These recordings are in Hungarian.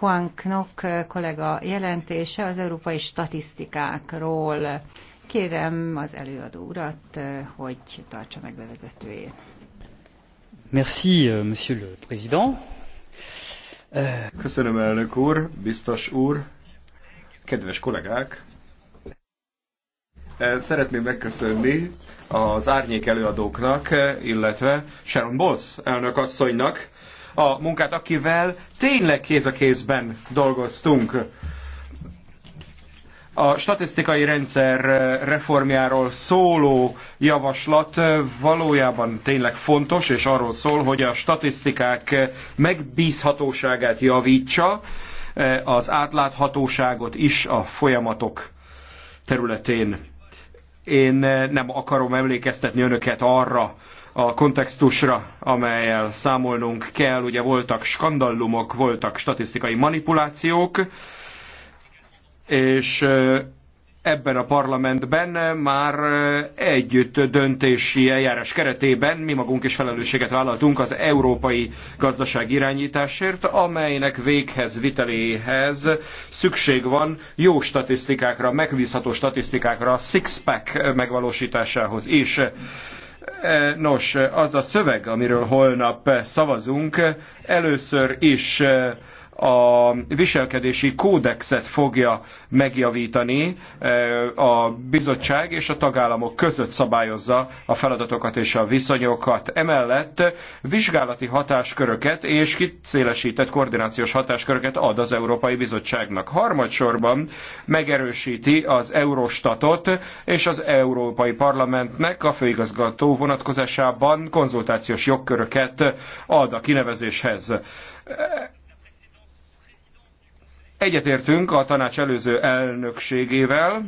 Juan Knok kollega jelentése az európai statisztikákról. Kérem az előadó urat, hogy tartsa meg bevezetőjét. Merci, euh, monsieur le président. Euh, Köszönöm, elnök úr, biztos úr, kedves kollégák! Szeretném megköszönni az árnyék előadóknak, illetve Sharon Bowles elnök asszonynak, a munkát, akivel tényleg kéz a kézben dolgoztunk. A statisztikai rendszer reformjáról szóló javaslat valójában tényleg fontos, és arról szól, hogy a statisztikák megbízhatóságát javítsa, az átláthatóságot is a folyamatok területén. Én nem akarom emlékeztetni önöket arra, a kontextusra, amelyel számolnunk kell. Ugye voltak skandallumok, voltak statisztikai manipulációk, és ebben a parlamentben már együtt döntési eljárás keretében mi magunk is felelősséget vállaltunk az európai gazdaság irányításért, amelynek véghez viteléhez szükség van jó statisztikákra, megbízható statisztikákra, a six-pack megvalósításához is. E, nos, az a szöveg, amiről holnap szavazunk, először is e, a viselkedési kódexet fogja megjavítani e, a bizottság és a tagállamok között szabályozza a feladatokat és a viszonyokat. Emellett vizsgálati hatásköröket és kiszélesített koordinációs hatásköröket ad az Európai Bizottságnak. Harmadsorban megerősíti az Eurostatot és az Európai Parlamentnek a főigazgató vonatkozásában konzultációs jogköröket ad a kinevezéshez Egyetértünk a tanács előző elnökségével,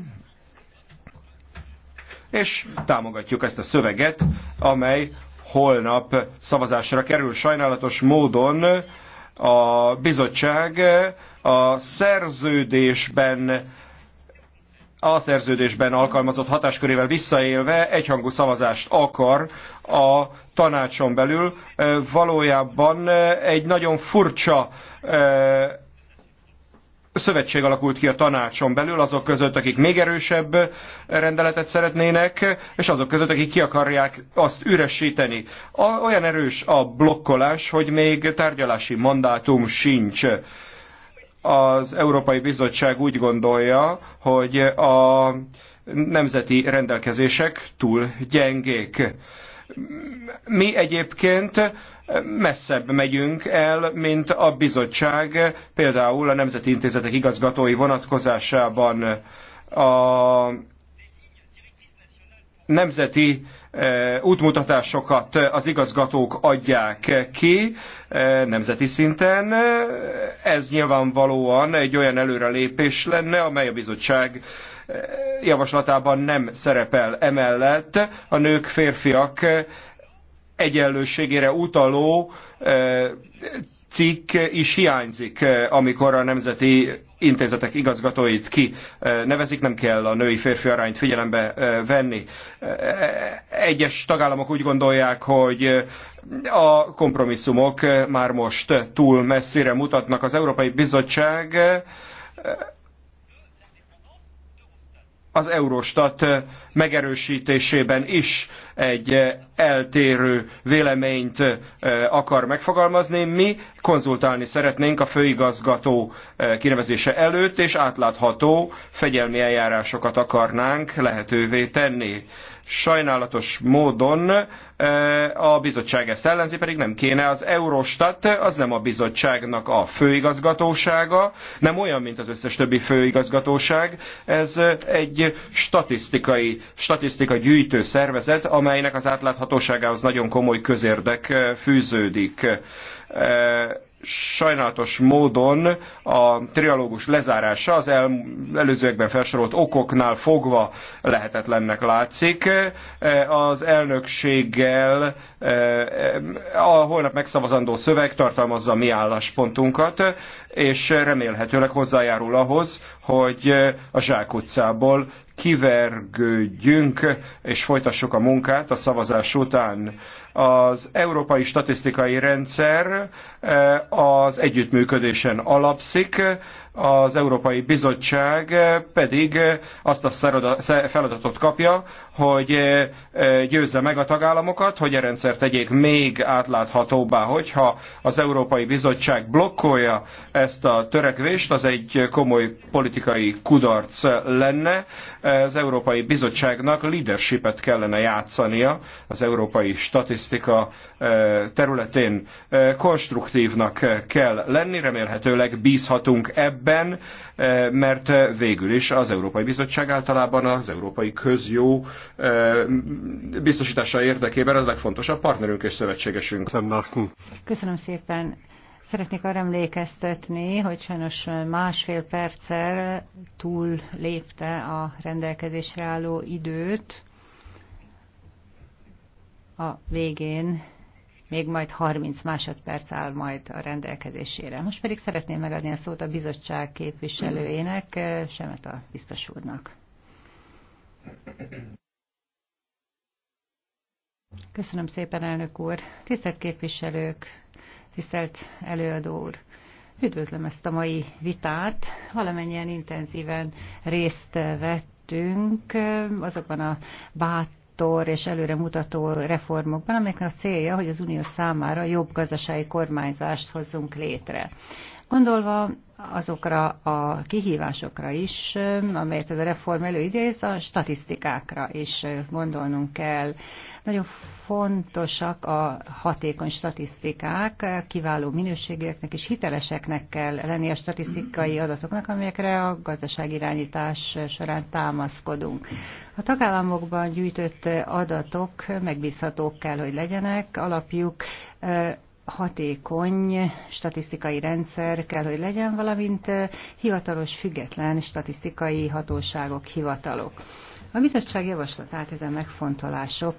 és támogatjuk ezt a szöveget, amely holnap szavazásra kerül. Sajnálatos módon a bizottság a szerződésben a szerződésben alkalmazott hatáskörével visszaélve egyhangú szavazást akar a tanácson belül. Valójában egy nagyon furcsa szövetség alakult ki a tanácson belül, azok között, akik még erősebb rendeletet szeretnének, és azok között, akik ki akarják azt üresíteni. Olyan erős a blokkolás, hogy még tárgyalási mandátum sincs. Az Európai Bizottság úgy gondolja, hogy a nemzeti rendelkezések túl gyengék mi egyébként messzebb megyünk el, mint a bizottság, például a Nemzeti Intézetek igazgatói vonatkozásában a nemzeti e, útmutatásokat az igazgatók adják ki e, nemzeti szinten. E, ez nyilvánvalóan egy olyan előrelépés lenne, amely a bizottság javaslatában nem szerepel. Emellett a nők, férfiak egyenlőségére utaló e, cikk is hiányzik, e, amikor a nemzeti intézetek igazgatóit ki e, nevezik, nem kell a női-férfi arányt figyelembe venni. Egyes tagállamok úgy gondolják, hogy a kompromisszumok már most túl messzire mutatnak. Az Európai Bizottság az Eurostat megerősítésében is egy eh, eltérő véleményt eh, akar megfogalmazni. Mi konzultálni szeretnénk a főigazgató eh, kinevezése előtt, és átlátható fegyelmi eljárásokat akarnánk lehetővé tenni sajnálatos módon a bizottság ezt ellenzi, pedig nem kéne. Az Eurostat az nem a bizottságnak a főigazgatósága, nem olyan, mint az összes többi főigazgatóság. Ez egy statisztikai, statisztika gyűjtő szervezet, amelynek az átláthatóságához nagyon komoly közérdek eh, fűződik. Eh, sajnálatos módon a trialógus lezárása az el, előzőekben felsorolt okoknál fogva lehetetlennek látszik. Eh, az elnökséggel a holnap megszavazandó szöveg tartalmazza mi álláspontunkat, és remélhetőleg hozzájárul ahhoz, hogy a zsákutcából kivergődjünk és folytassuk a munkát a szavazás után. Az Európai Statisztikai Rendszer eh, az együttműködésen alapszik, az Európai Bizottság eh, pedig eh, azt a feladatot kapja, hogy eh, győzze meg a tagállamokat, hogy a e rendszer tegyék még átláthatóbbá. Hogyha az Európai Bizottság blokkolja ezt a törekvést, az egy komoly politikai kudarc lenne. Az Európai Bizottságnak leadershipet kellene játszania az európai statisztika területén. Konstruktívnak kell lenni, remélhetőleg bízhatunk ebben ebben, eh, mert végül is az Európai Bizottság általában az európai közjó eh, biztosítása érdekében a legfontosabb partnerünk és szövetségesünk. Köszönöm szépen. Szeretnék arra emlékeztetni, hogy sajnos másfél perccel túl lépte a rendelkezésre álló időt. A végén még majd 30 másodperc áll majd a rendelkezésére. Most pedig szeretném megadni a szót a bizottság képviselőjének, Semet a biztos úrnak. Köszönöm szépen, elnök úr. Tisztelt képviselők, tisztelt előadó úr. Üdvözlöm ezt a mai vitát. Valamennyien intenzíven részt vettünk eh, azokban a bát szektor és előremutató reformokban, amelyeknek a célja, hogy az Unió számára jobb gazdasági kormányzást hozzunk létre. Gondolva azokra a kihívásokra is, amelyet ez a reform előidéz, a statisztikákra is gondolnunk kell. Nagyon fontosak a hatékony statisztikák, kiváló minőségűeknek és hiteleseknek kell lenni a statisztikai adatoknak, amelyekre a gazdaságirányítás során támaszkodunk. A tagállamokban gyűjtött adatok megbízhatók kell, hogy legyenek, alapjuk hatékony statisztikai rendszer kell, hogy legyen, valamint hivatalos, független statisztikai hatóságok, hivatalok. A bizottság javaslatát ezen megfontolások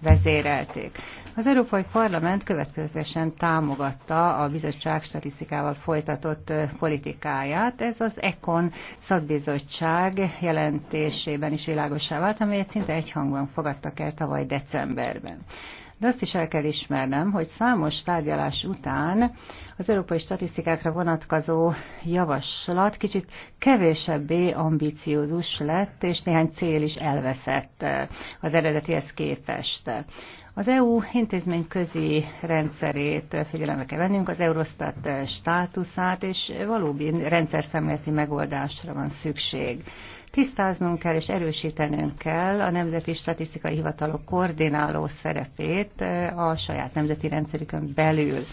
vezérelték. Az Európai Parlament következetesen támogatta a bizottság statisztikával folytatott politikáját. Ez az ECON szakbizottság jelentésében is világosá vált, amelyet szinte egyhangban fogadtak el tavaly decemberben. De azt is el kell ismernem, hogy számos tárgyalás után az európai statisztikákra vonatkozó javaslat kicsit kevésebbé ambiciózus lett, és néhány cél is elveszett eh, az eredetihez képest. Az EU intézményközi rendszerét figyelembe kell vennünk, az Eurostat státuszát, és valóbi rendszerszemléleti megoldásra van szükség. Tisztáznunk kell és erősítenünk kell a Nemzeti Statisztikai Hivatalok koordináló szerepét a saját nemzeti rendszerükön belül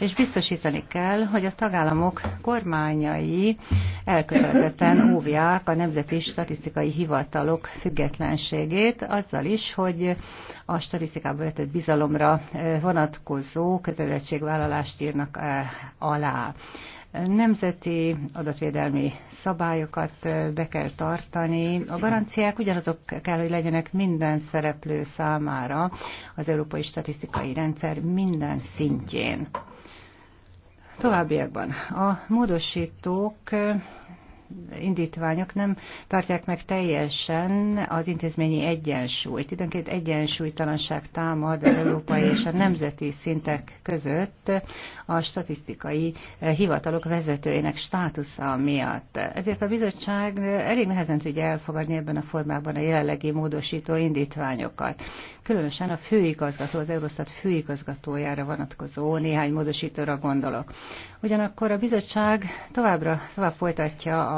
és biztosítani kell, hogy a tagállamok kormányai elkötelezetten óvják a nemzeti statisztikai hivatalok függetlenségét azzal is, hogy a statisztikában vetett bizalomra vonatkozó kötelezettségvállalást írnak alá. Nemzeti adatvédelmi szabályokat be kell tartani. A garanciák ugyanazok kell, hogy legyenek minden szereplő számára az európai statisztikai rendszer minden szintjén. Továbbiakban a módosítók indítványok nem tartják meg teljesen az intézményi egyensúlyt. Időnként egyensúlytalanság támad az európai és a nemzeti szintek között a statisztikai eh, hivatalok vezetőinek státusza miatt. Ezért a bizottság elég nehezen tudja elfogadni ebben a formában a jelenlegi módosító indítványokat. Különösen a főigazgató, az Eurostat főigazgatójára vonatkozó néhány módosítóra gondolok. Ugyanakkor a bizottság továbbra tovább folytatja a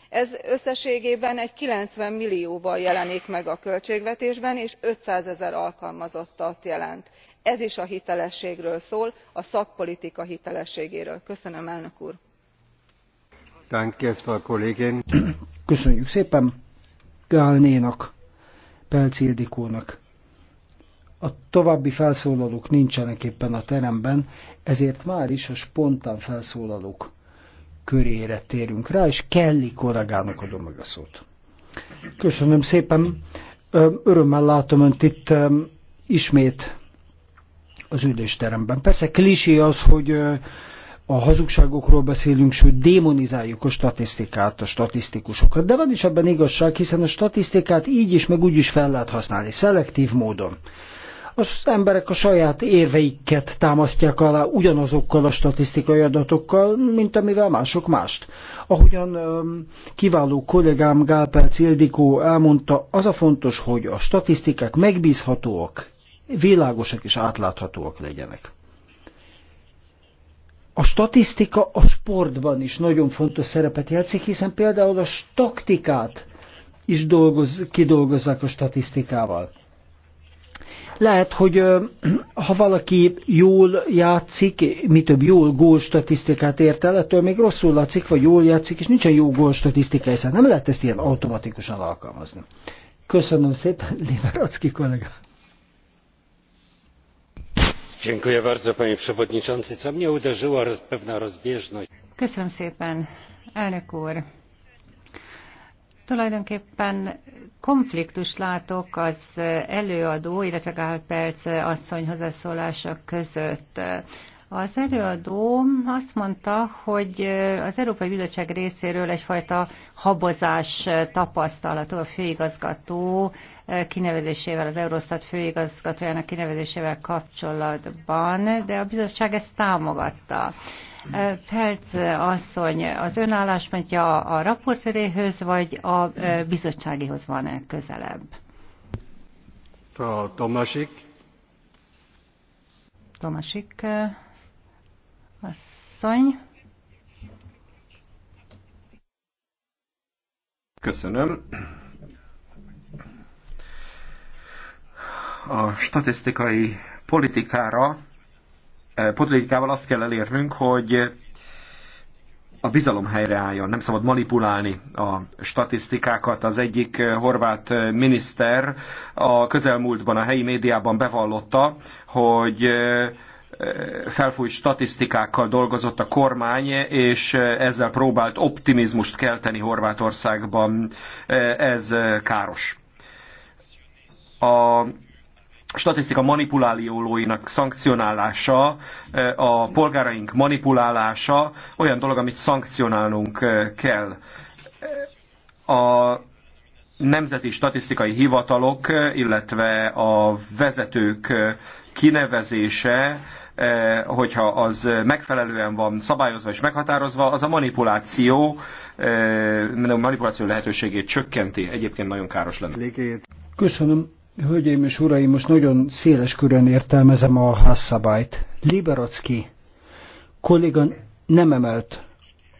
ez összességében egy ninety millióval jelenik meg a költségvetésben és ötszázezer alkalmazottat jelent. ez is a hitelességről szól a szakpolitika hitelességéről. köszönöm elnök úr! köszönjük szépen A további felszólalók nincsenek éppen a teremben, ezért már is a spontán felszólalók körére térünk rá, és Kelly kollégának adom meg a szót. Köszönöm szépen, örömmel látom Önt itt ismét az üdésteremben. Persze klisé az, hogy a hazugságokról beszélünk, sőt démonizáljuk a statisztikát, a statisztikusokat. De van is ebben igazság, hiszen a statisztikát így is, meg úgy is fel lehet használni, szelektív módon az emberek a saját érveiket támasztják alá ugyanazokkal a statisztikai adatokkal, mint amivel mások mást. Ahogyan um, kiváló kollégám Gálperc Ildikó elmondta, az a fontos, hogy a statisztikák megbízhatóak, világosak és átláthatóak legyenek. A statisztika a sportban is nagyon fontos szerepet játszik, hiszen például a taktikát is dolgoz, kidolgozzák a statisztikával. Lehet, hogy ha valaki jól játszik, mi több jól gól statisztikát ért el, ettől még rosszul látszik, vagy jól játszik, és nincsen jó gól statisztika, hiszen nem lehet ezt ilyen automatikusan alkalmazni. Köszönöm szépen, Liberacki kollega. Dziękuję bardzo, panie przewodniczący. Co mnie uderzyło, pewna rozbieżność. Köszönöm szépen, elnök úr. Tulajdonképpen konfliktust látok az előadó, illetve Gál Perc asszony hozzászólása között. Az előadó azt mondta, hogy az Európai Bizottság részéről egyfajta habozás tapasztalató a főigazgató kinevezésével, az Eurostat főigazgatójának kinevezésével kapcsolatban, de a bizottság ezt támogatta. Felc asszony, az önállásmentja a raportöréhöz, vagy a bizottságihoz van -e közelebb? A Tomasik. Tomasik asszony. Köszönöm. A statisztikai politikára Eh, politikával azt kell elérnünk, hogy a bizalom helyreálljon. Nem szabad manipulálni a statisztikákat. Az egyik eh, horvát eh, miniszter a közelmúltban a helyi médiában bevallotta, hogy felfújt statisztikákkal dolgozott a kormány, és ezzel próbált optimizmust kelteni Horvátországban. Ez káros. A statisztika manipuláliólóinak szankcionálása, eh, a polgáraink manipulálása olyan dolog, amit szankcionálnunk eh, kell. A nemzeti statisztikai hivatalok, eh, illetve a vezetők kinevezése, hogyha az megfelelően van szabályozva és meghatározva, az a manipuláció, manipuláció lehetőségét csökkenti. Egyébként nagyon káros lenne. Köszönöm. Hölgyeim és uraim, most nagyon széles körön értelmezem a házszabályt. Liberacki kollégan nem emelt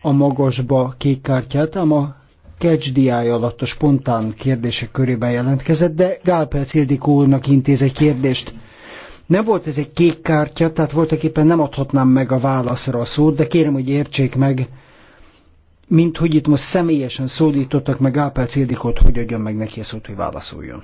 a magasba kék kártyát, ám a catch alatt a spontán kérdések körében jelentkezett, de Gálperc Ildikó úrnak intéz egy kérdést. Nem volt ez egy kék kártya, tehát voltak éppen nem adhatnám meg a válaszra a szót, de kérem, hogy értsék meg, mint hogy itt most személyesen szólítottak meg Gálperc Ildikót, hogy adjon meg neki a szót, hogy válaszoljon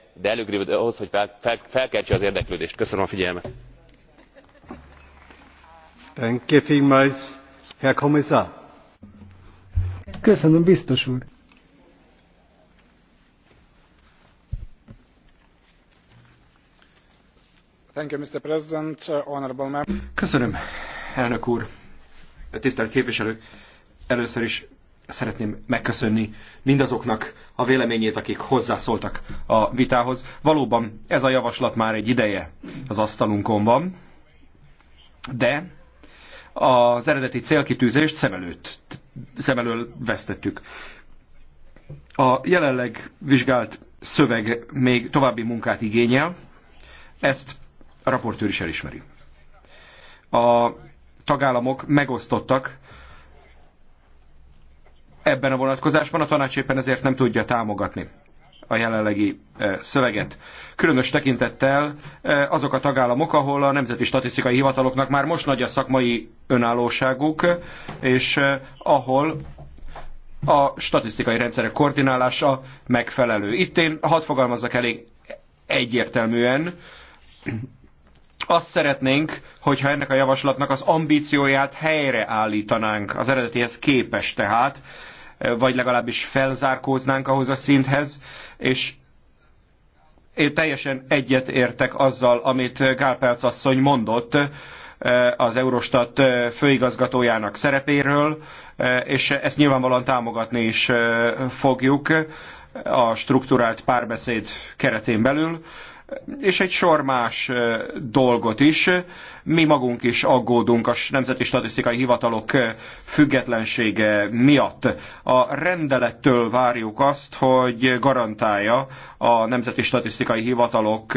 de előrébb ahhoz hogy felkeltse az érdeklődést. köszönöm a figyelmet. Köszönöm, biztos úr. Uh, köszönöm, elnök úr. Tisztelt képviselők, először is szeretném megköszönni mindazoknak a véleményét, akik hozzászóltak a vitához. Valóban ez a javaslat már egy ideje az asztalunkon van, de az eredeti célkitűzést szem, előtt, szem elől vesztettük. A jelenleg vizsgált szöveg még további munkát igényel, ezt a raportőr is elismeri. A tagállamok megosztottak ebben a vonatkozásban, a tanács éppen ezért nem tudja támogatni a jelenlegi eh, szöveget. Különös tekintettel eh, azok a tagállamok, ahol a nemzeti statisztikai hivataloknak már most nagy a szakmai önállóságuk, és eh, ahol a statisztikai rendszerek koordinálása megfelelő. Itt én hadd fogalmazzak elég egyértelműen, azt szeretnénk, hogyha ennek a javaslatnak az ambícióját helyreállítanánk az eredetihez képes tehát, vagy legalábbis felzárkóznánk ahhoz a szinthez, és én teljesen egyet értek azzal, amit Gálperc asszony mondott eh, az Eurostat eh, főigazgatójának szerepéről, eh, és ezt nyilvánvalóan támogatni is fogjuk a strukturált párbeszéd keretén belül és egy sor más dolgot is. Mi magunk is aggódunk a Nemzeti Statisztikai Hivatalok függetlensége miatt. A rendelettől várjuk azt, hogy garantálja a Nemzeti Statisztikai Hivatalok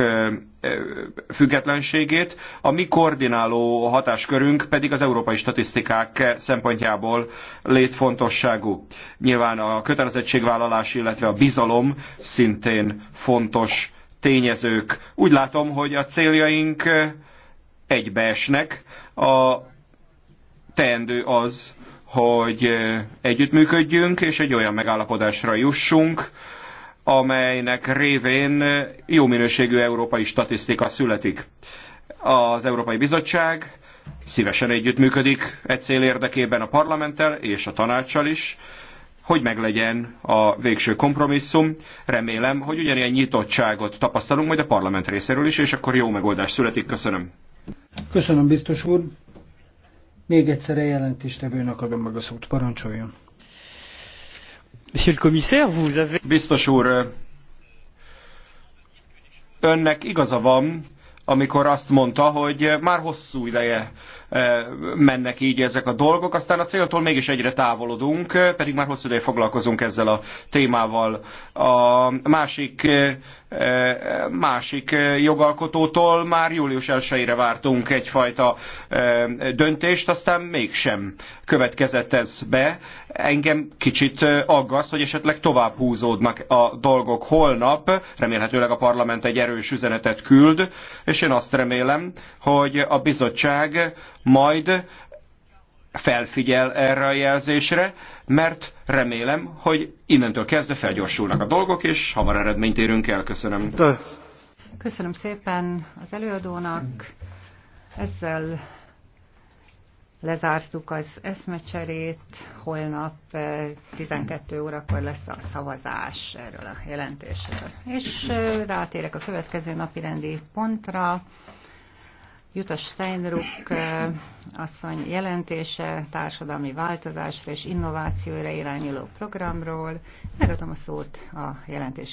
függetlenségét, a mi koordináló hatáskörünk pedig az európai statisztikák szempontjából létfontosságú. Nyilván a kötelezettségvállalás, illetve a bizalom szintén fontos tényezők. Úgy látom, hogy a céljaink egybeesnek. A teendő az, hogy együttműködjünk, és egy olyan megállapodásra jussunk, amelynek révén jó minőségű európai statisztika születik. Az Európai Bizottság szívesen együttműködik e cél érdekében a parlamenttel és a tanácssal is, hogy meglegyen a végső kompromisszum. Remélem, hogy ugyanilyen nyitottságot tapasztalunk majd a parlament részéről is, és akkor jó megoldás születik. Köszönöm. Köszönöm, biztos úr. Még egyszer a jelentéstevőnek adom meg a szót. Parancsoljon. Monsieur le commissaire, vous avez... Biztos úr, önnek igaza van, amikor azt mondta, hogy már hosszú ideje e, mennek így ezek a dolgok, aztán a céltól mégis egyre távolodunk, pedig már hosszú ideje foglalkozunk ezzel a témával. A másik, e, e, másik jogalkotótól már július 1 vártunk egyfajta döntést, aztán mégsem következett ez be. Engem kicsit aggaszt, hogy esetleg tovább húzódnak a dolgok holnap, remélhetőleg a parlament egy erős üzenetet küld, és és én azt remélem, hogy a bizottság majd felfigyel erre a jelzésre, mert remélem, hogy innentől kezdve felgyorsulnak a dolgok, és hamar eredményt érünk el. Köszönöm. Köszönöm szépen az előadónak. Ezzel lezártuk az eszmecserét, holnap 12 eh, órakor lesz a szavazás erről a jelentésről. És eh, rátérek a következő napi rendi pontra. Jutta Steinruck eh, asszony jelentése társadalmi változásra és innovációra irányuló programról. Megadom a szót a jelentés